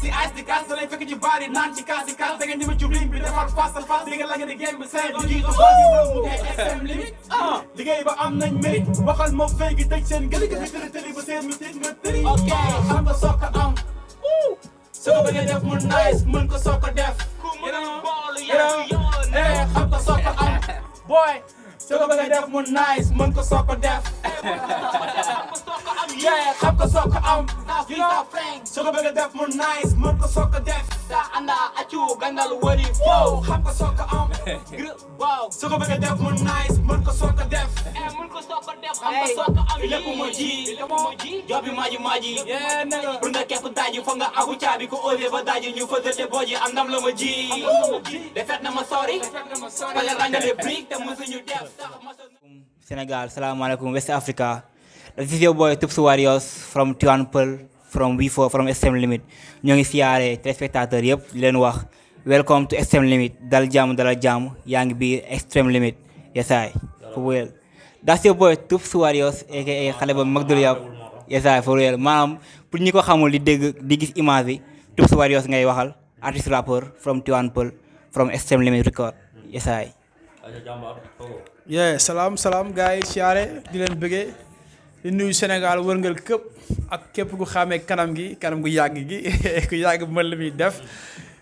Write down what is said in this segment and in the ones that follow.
si ice di kaas da lay fekk ci baar yi naan ci kaas yi kaas da ngeen di ma jub ligne bi defar face à face li nga la ngeen di game bi seen liggéey ko xool yi mu ngay extrême limite ah liggéey ba am nañ mérite waxal ma fay gi tëj seen gëli gi tëri tëri ba seen mi tëj nga tëri ok xam nga soog ko am su ko bëggee def mu nice mën ko soog ko def xam nga soog ko am boy su ko bëggee def mu nice mën ko soog ko def yeah xam ko soog ko am. bëgg def mu nice mën ko soog def. sa am. bëgg def mu nice mën ko soog def. Eh, mën ko joobi maaji maaji. pour nga képp daaji foog nga agu caabi ko óole ba daaji ñu fa dëtte booji am ndam la ma defet na ma sori. pale rangale brique te mësuñu def. Sénégal salaamaaleykum West Africa. This is your boy Tupsu Warriors from Tuanpel from V4 from SM Limit ñoo ngi siyaare téléspectateurs yëpp di leen wax welcome to SM Limit dal jam, dal jam, yang bi biir Extreme Limit I. for real that's your boy Tupsu Warriors aka xale ba Magdoul Yab I, for real Maam, pour ñi ko xamul di dégg di gis image bi Tupsu Warriors ngay waxal artiste rappeur from Tuanpel from Extreme Limit record Yes, I. yeah salam, salam, guys, yi siyaare di leen bëggee di nuyu Sénégal wërngal këpp ak képp ku xàmmee kanam gi kanam gu yàgg gi ku yàgg mën li muy def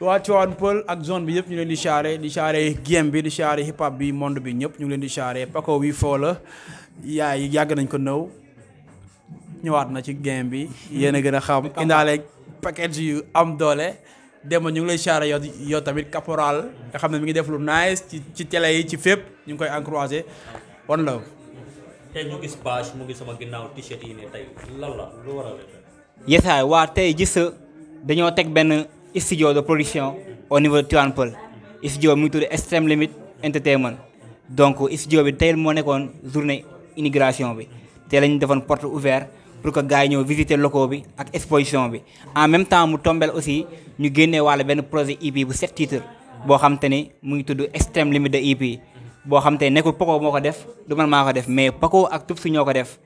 waa Tivaouane Peulh ak zone bi yëpp ñu leen di charé di charé game bi di charé hip hop bi monde bi ñëpp ñu ngi leen di saare Paco wi foo la yaay yàgg nañ ko nëw ñëwaat na ci game bi yéen a gën a xam indaale package yu am doole Demba ñu ngi lay charé yow yow tamit caporal nga xam ne mi ngi def lu nice ci ci télé yi ci fépp ñu ngi koy encouragé one teñu page mu ngi sama ginnaaw t-shirt yi ne tey lan la lu waral yesaay waa tey gis dañoo teg benn studio de production au niveau de Tivaouane Peulh studio bi mu ngi tudd Extreme Limit Entertainment donc studio bi tey moo nekkoon journée inauguration bi tey lañu defoon porte ouverte pour que gars yi ñëw visiter locaux bi ak exposition bi en même temps mu tombel aussi ñu génnee wàlla benn projet EP bu sept titres boo xam te ni mu ngi tudd Extreme Limit de EP boo xam te nekkul Paco moo ko def du man maa ko def mais Paco ak Tubs ñoo ko def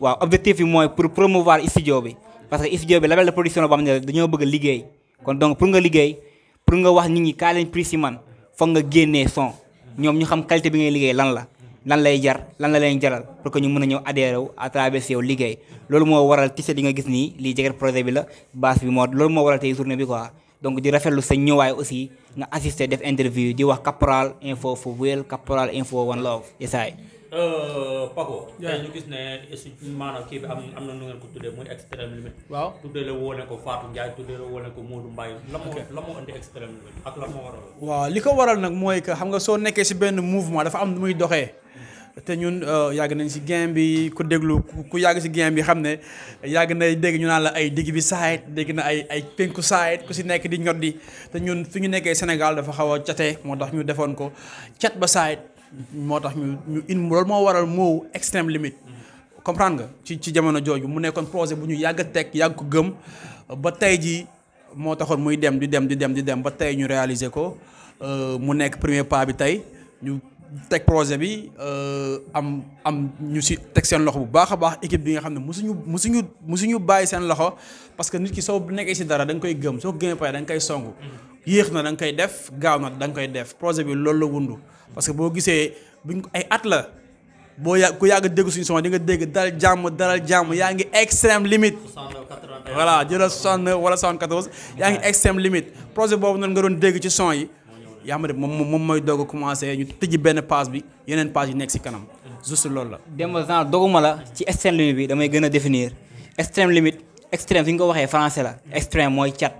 waaw objectif bi mooy pour promouvoir studio bi parce que studio bi label de production la boo xam ne dañoo bëgg liggéey kon donc pour nga liggéey pour nga wax nit ñi kaa leen prix man foog nga génnee son ñoom ñu xam qualité bi ngay liggéey lan la lan lay jar lan la leen jaral pour que ñu mën a ñëw adhéré wu à yow liggéey loolu moo waral t-shirt gis nii lii jeget bi la base loolu moo waral tey journée donc di rafetlu sa ñëwaay aussi nga assister def interview di wax Caporal Info for Real Caporal Info One Love Euh, Paco. tey ñu gis né su maanaam kii bi am am na nu ngeen ko tuddee muy extrême limite. waaw tuddee le wolé ko Fatou Ndiaye tuddee le wolé ko Modou Mbaye. la mo la mo indi extrême limite ak la mo waral. waaw liko waral nak moy que xam nga so nekkee ci ben mouvement dafa am muy doxé. te ñun euh, yàgg nañ si game bi ku déglu ku yàgg si game bi xam ne yàgg na dégg ñu naan la ay digg bi saayit dégg na ay ay penku saayit ku si nekk di ñot di te ñun fi ñu nekkee Sénégal dafa xaw a cate moo tax ñu defoon ko cat ba saayit moo tax ñu ñu in moo waral moo extrême limite comprendre nga ci ci jamono jooju mu nekkoon projet bu ñu yàgg a teg yàgg ko gëm ba tey ji moo taxoon muy dem di dem di dem di dem ba tey ñu réaliser ko euh, mu nekk premier pas bi tey teg projet bi euh, am am ñu si teg seen loxo bu baax a baax équipe bi nga xam ne musuñu musuñu musuñu bàyyi seen loxo parce que nit ki soo nekkee si dara da nga koy gëm soo ko gëmee pare da nga koy song. yéex na da nga koy def gaaw na da nga koy def projet bi loolu la wundu parce que boo gisee buñ ay at la boo yà ku yàgg dégg suñu son di nga dégg dal jàmm dalal jàmm yaa ngi extrême limite. voilà jëlal 69 wala 74 yaa ngi extrême limite projet boobu noonu nga doon dégg ci son yi yaa xam ne moom moom mooy a commencé ñu tëj benn passe bi yenen passe yu nekk ci kanam juste lool la. Demba genre doguma la ci extrême limite bi damay gëna définir extrême limite extrême fi nga waxé français la extrême moy chat,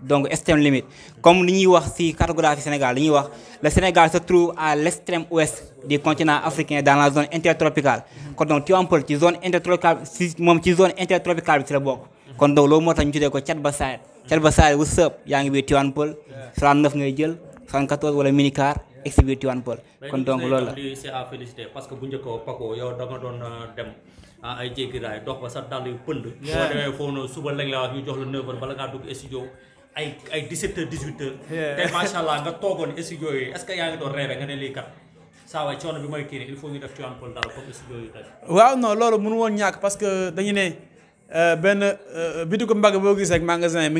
donc extrême limite comme li ñi wax si cartographie Sénégal li wax le Sénégal se trouve à l'extrême ouest du continent africain dans la zone intertropicale kon donc Tivaouane ci zone intertropicale si moom ci zone intertropicale bi la bokk kon donc lo motax ñu tuddee ko chat ba saayet cat ba saayet wu seup yaa ngi biir Tivaouane 39 ngay jël 74 wala mini car exhibition one kon donc lool la lii c'est à féliciter parce que bu njëkkoo Paco yow ya, da nga dem ay jéggi raay dox ba sa dàll yu pënd boo demee foofu suba lañ la wax ñu jox la 9h bala ngaa dugg studio ay ay 17h 18h te macha allah nga toogoon studio yi est-ce que yaa ngi doon reere nga kat bi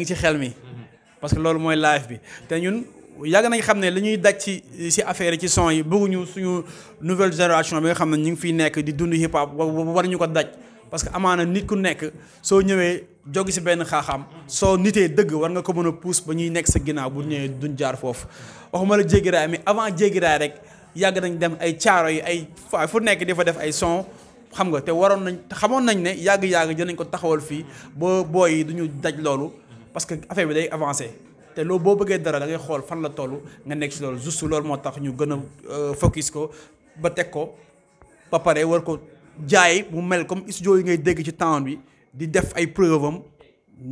bi te ñun yàgg nañ xam ne li ñuy daj ci si affaire ci son yi bëgguñu suñu nouvelle génération bi nga xam ne ñu ngi fiy nekk di dund hip hop war ñu ko daj parce que amaana nit ku nekk soo ñëwee jog si benn xaaxaam soo nitee dëgg war nga ko mën a pousse ba ñuy nekk sa ginnaaw bu ñëwee duñ jaar foofu waxuma la jéggi raay mais avant jéggi raay rek yàgg nañ dem ay caaro yi ay fa fu nekk di fa def ay son xam nga te waroon nañ xamoon nañ ne yàgg-yàgg dinañ ko taxawal fii ba booy yi duñu daj loolu parce que affaire bi day avancé te loo boo bëggee dara dangay xool fan la toll nga nekk ci loolu juste lool moo tax ñu gën a euh, focus ko ba teg ko ba pare war ko jaay mu mel comme studio yi ngay dégg ci temps bi di def ay preuve am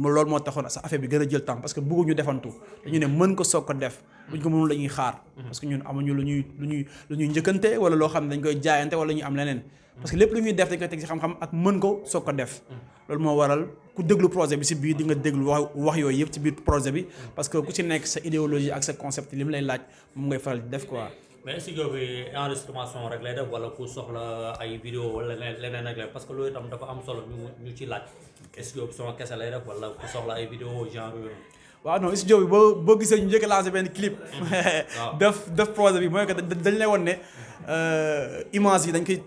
loolu moo taxoon sa affaire bi gën a jël temps parce que bëgguñu defantu dañu ne mën ko soog ko def buñ ko mënul la ñuy xaar mhm. parce que ñun amuñu lu ñuy lu ñuy lu ñuy njëkkante wala loo xam ne dañ koy jaayante wala ñu am leneen mhm. parce que lépp lu ñuy def dañ koy teg xam-xam ak mën ko soog ko def mhm. loolu moo waral ku déglu projet bi si biir di nga déglu wax wax yooyu yëpp ci biir projet bi parce que ku si nekk sa idéologie ak sa concept li mu lay laaj moom ngay faral di def quoi. mais studio bi parce que loolu itam dafa am solo ñu ñu ci laaj studio bi son kese boo boo gisee ñu njëkk a lancé benn clip. def euh, yi dañ koy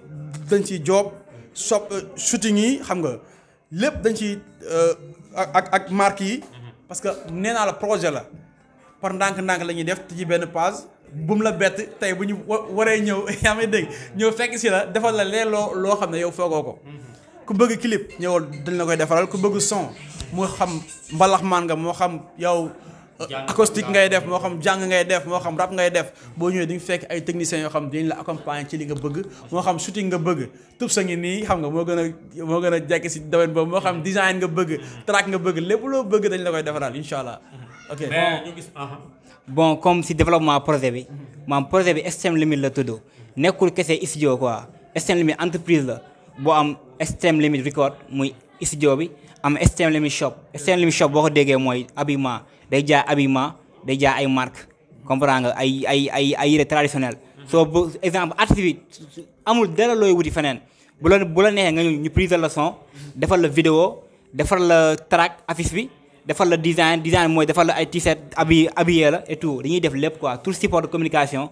dañ ciy job shop shooting yi xam nga. lépp dañ ci euh, ak ak marque yi. Mm-hmm. parce que nee la projet la par ndànk-ndànk la ñuy def ci benn page. bu la bett tey bu ñu waree ñëw yaa may dégg ñëw fekk si la defal la lee loo loo xam ne yow foogoo ko mm-hmm. ku bëgg clip ñëwal dañ la koy defaral ku bëgg son moo xam mbalaxmaan nga moo xam yow. acoustique ngay def moo xam jàng ngay def moo xam rap ngay def boo ñëwee di nga fekk ay techniciens yoo xam dañ la accompagner ci li nga bëgg moo xam shooting nga bëgg tub sa ngi nii xam nga moo gën a moo gën a jekk si domaine boobu moo xam design nga bëgg track nga bëgg lépp loo bëgg dañ la koy defaral incha allah ok uh-huh. bon comme si développement projet bi maam projet bi extrême limite la tudd nekkul kese studio quoi extrême limite entreprise la boo am extrême limite record muy studio bi am Stem Limit Shop Stem Limit Shop boo ko déggee mooy habillement day jaay habillement day jaay ay marque comprendre nga ay ay ay ay yére traditionnel soo bu exemple artiste bi amul dara looy wuti feneen bu la bu la neexee nga ñu ñu prise la son defal la vidéo defal la track affiche bi defal la design design mooy defal la ay t-shirt abi la et tout dañuy def lépp quoi tout support communication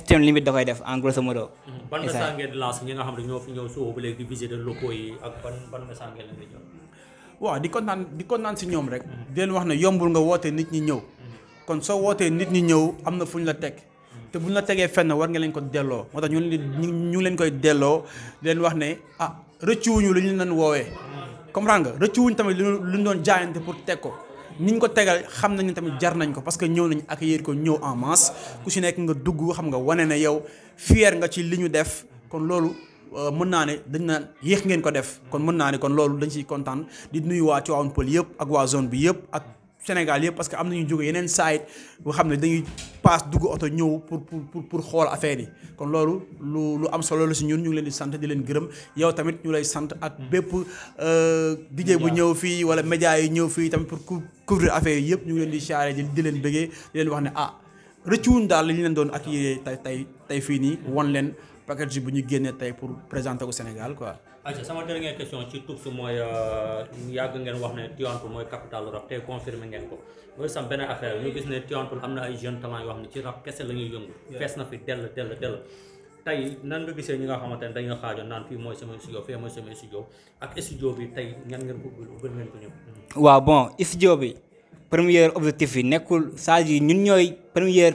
Stem Limit da koy def en grosso modo. ban message ngeen nga xam ne ñoo fi ñëw suuf waaw di kontaan di kontaan si ñoom rek. Mm-hmm. di leen wax ne yombul nga wootee nit ñi ñëw. Mm-hmm. kon soo wootee nit ñi ñëw am na fu ñu la teg. Mm-hmm. te bu ñu la tegee fenn war nga leen ko delloo moo tax ñu leen di ñu leen koy delloo leen wax ne ah rëccuwuñu lu ñu leen woowee. comprendre nga rëccuwuñ tamit lu ñu doon jaayante pour teg ko. niñ ko tegal xam nañu tamit jar nañ ko parce que ñëw nañ ak accueillir ko ñëw en masse ku si nekk nga dugg xam nga wane na yow fier nga ci li ñu def kon loolu. Euh, mën naa ne dañ naan yéex ngeen ko def kon mën naa ne kon loolu dañu ciy kontaan di nuyu waa Tivaouane Peulh yëpp ak waa zone bi yëpp ak Sénégal yëpp parce que am nañu jóge yeneen saayit boo xam ne dañuy paas dugg oto ñëw pour pour pour xool affaire yi kon loolu lu lu am solo la si ñun ñu ngi leen di sant di leen gërëm yow tamit ñu lay sant ak mm. bépp euh, DJ bu ñëw fii wala média yi ñëw fii tamit pour couvrir affaire yi yëpp ñu ngi leen di charré di leen bëggee di leen wax ne ah wuñ daal li ñu leen doon accueillir tey tey tey fii nii won leen package bu ñu génne tay pour présenter au Sénégal quoi. ayca sama dernière question ci tubsu moy euh, yag ngeen wax né Tiwantul moy capital rap tey confirmer ngeen ko moy sam benn affaire ñu gis né Tiwantul amna ay jeune talent yo xam ci rap kessé lañuy ñuy yëngu. fees na fi del del del tay nan nga gisé ñi nga xamante ne dañoo xaajoon naan fii mooy sama studio fi moy sama studio ak studio bi tay ñan ngeen ko bëgg ngeen ko ñëw. wa bon studio bi premier objectif yi nekkul saa yi ñun ñoy premier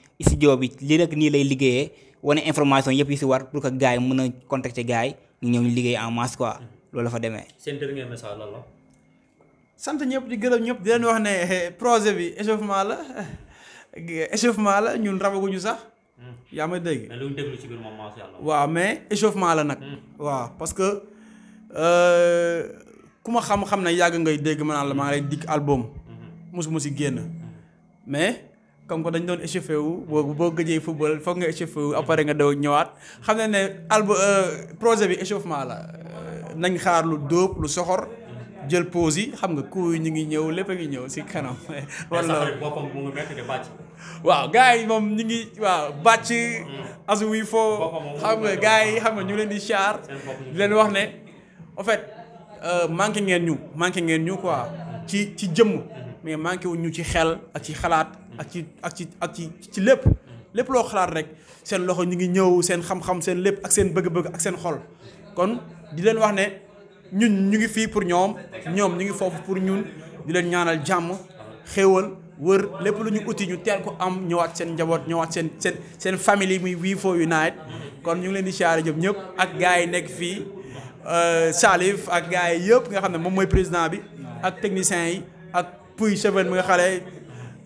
studio bi lii nag nii lay liggéeyee wane information yëpp yi si war pour que gars yi mën a contacter ñu ñëw ñu liggéey en masse quoi loolu la fa demee. seen dernier sant ñëpp di gërëm ñëpp di wax ne projet bi échauffement la échauffement la ñun rabaguñu sax. Hmm. yaa ma dégg. mais lu ñu mais échauffement la nag. Hmm. waaw parce que euh, ku ma xam-xam ne yàgg ngay dégg ma naan la maa ngi lay dikk album. Hmm. mosuma si génn mais. comme que dañ doon échauffé wu boobu boo gëjee football foog nga échauffé wu nga daw ñëwaat xam ne ne alba euh, projet bi échauffement la euh, nañ xaar lu dóob lu soxor jël pause yi xam nga ku ñu ngi ñëw lépp a ngi ñëw si kanam. wala waaw gars yi moom ñu ngi waaw bàcc. Mm. asuwi foo xam nga gars yi xam nga ñu leen di char di leen wax ne en fait euh, manqué ngeen ñu manqué ngeen ñu quoi ci ci jëmm. mais manqué wu ñu ci xel ak ci xalaat ak ci ak ci ak ci ci lépp lépp loo xalaat rek seen loxo ñu ngi ñëw seen xam-xam seen lépp ak seen bëgg-bëgg ak seen xol kon di leen wax ne ñun ñu ngi fii pour ñoom ñoom ñu ngi foofu pour ñun di leen ñaanal jàmm xéewal wër lépp lu ñu uti ñu teel ko am ñëwaat seen njaboot ñëwaat seen seen seen famille muy Wiifo United kon ñu ngi leen di siyaare jëm ñëpp ak gars yi nekk fii euh, Salif ak gars yi yëpp nga xam ne moom mooy président bi ak techniciens yi ak. puy cheveux mi nga xale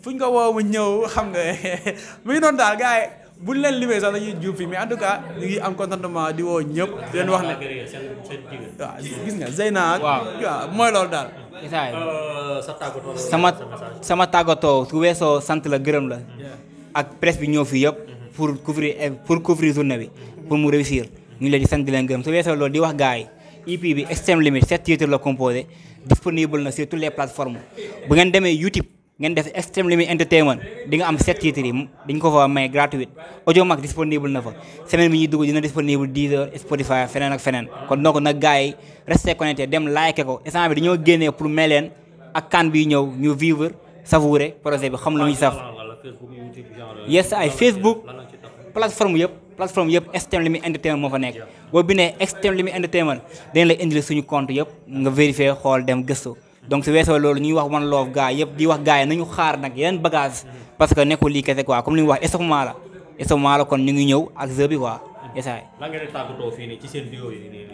fu ñu ko woo mu ñëw xam nga mi ngi noonu daal gars yi bu leen limee sax dañuy juub fii mais en tout cas ñu ngi am contentement di woo ñëpp di leen wax ne waaw gis nga Zeyna euh, sama sama tàggatoo su weesoo sant la gërëm la ak presse bi ñëw fi yëpp pour couvrir pour couvrir journée bi pour mu réussir ñu leen di sant di leen gërëm su weesoo loolu di wax gars yi EP bi Extrême Limite sept titres la composé disponible na sur toutes les plateformes bu ngeen demee YouTube ngeen def Extreme Limit Entertainment di am sept titres dañ ko fa may gratuite audio mag disponible na fa semaine bi ñuy dugg dina disponible Deezer Spotify feneen ak feneen kon donc nag gars yi resté connecté dem like ko instant dañoo génnee pour may ak kan bi ñëw ñu vivre savourer projet bi xam lu saf yes ay Facebook plateforme yëpp plateforme yëpp externe limit entertainment moo fa nekk boo bindee externe limit entertainment dañ lay indil suñu compte yëpp nga vérifier xool dem gëstu donc su weesoo loolu ñuy wax one love gars yëpp di wax gars yi nañu xaar nag yeneen bagage mm-hmm. parce que nekkul lii kese quoi comme li ñu wax estomac la estomac la kon ñu ngi ñëw ak jeu bi quoi mm-hmm. esaay lan ngeen di tàggatoo fii nii ci seen vidéo yi nii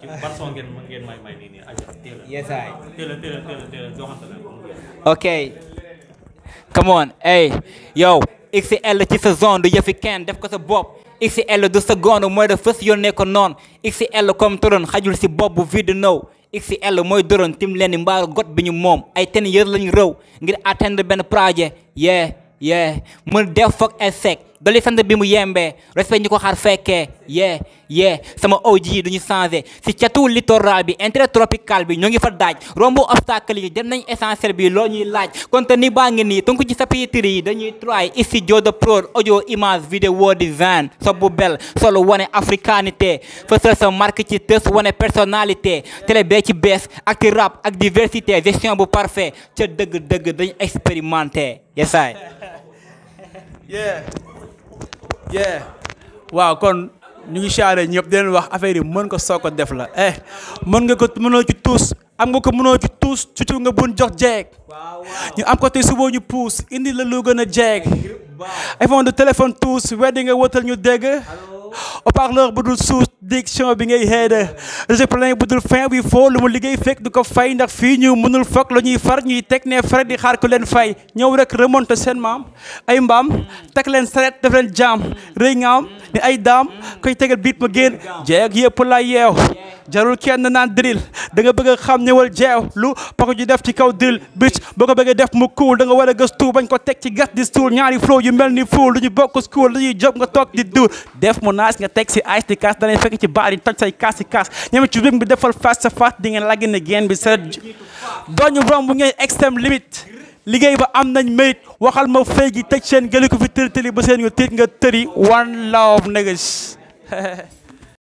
ci ban son ngeen ngeen may may nii nii aja teel a yesaay teel a teel a teel a teel a joxante la ok come on hey yow XL ci sa zone du yëfi kenn def ko sa bopp XL de seconde mooy de fës yónnee ko noonu XL comme toroon xajul si bopp bu vide now XL mooy doroon tim leen mbaaru got bi ñu moom ay ten yër lañu rëw ngir atteindre benn projet yee yee mën def foog échec dolli sant bi mu yembé respect ñu ko xaar fekkee yee yeah sama OG yi du ñu changé si catu littoral bi intertropical bi ñoo ngi fa daaj romb obstacle yi dem nañ essentiel bi loo ñuy laaj contenu ni ngi nii tënku ci chapitre yi dañuy try studio de pro. audio image vidéo design so bu bel solo one africanité First sa marque ci tës wane personnalité télé bee ci bees ak ci rap ak diversité gestion bu parfait ca dëgg-dëgg expérimenté yesaay yeah waaw kon ñu ngi xaaree ñëpp di leen wax affaire yi mën ko soo ko def la eh mën nga ko mënoo ci tuus am nga ko mënoo ci tuus surtout nga bun jox jeeg ñu am ko tey suba ñu puus indi la lu gën a jeeg iPhone de téléphone tuus weddi nga wëtal ñu dégg haut-parleur bu dul suuf diction bi ngay xeede rejeplan bu dul fin bi foo lu mu liggéey fekk du ko fay ndax fii ñu mënul foog la ñuy far ñuy teg ne frais di xaar ku leen fay ñëw rek remonté seen maam ay mbaam teg leen saret def leen jaam rëy ngaam ne ay daam koy tegal biit ma génn jeeg yëpp la yeew jarul kenn naan diril danga nga bëgg a xam ñëwal jeew lu pako ju def ci kaw diril bic boo ko bëggee def mu kuul da nga war a gëstu bañ ko teg ci gas di suul ñaari flow yu mel ni fuul lu ñu bokk school lu ñuy job nga toog di nice nga teg si ice di kaas danañ fekk ci baar yi toj say kaas si kaas ñoom ci rythme bi defal fast sa fast di ngeen laggi na geen bi sa dooñu romb bu ngeen extrême limit? liggéey ba am nañ mayit waxal ma fay gi tëj seen gëli ko fi tëri tëri ba seen nga tiit nga tëri one love niggas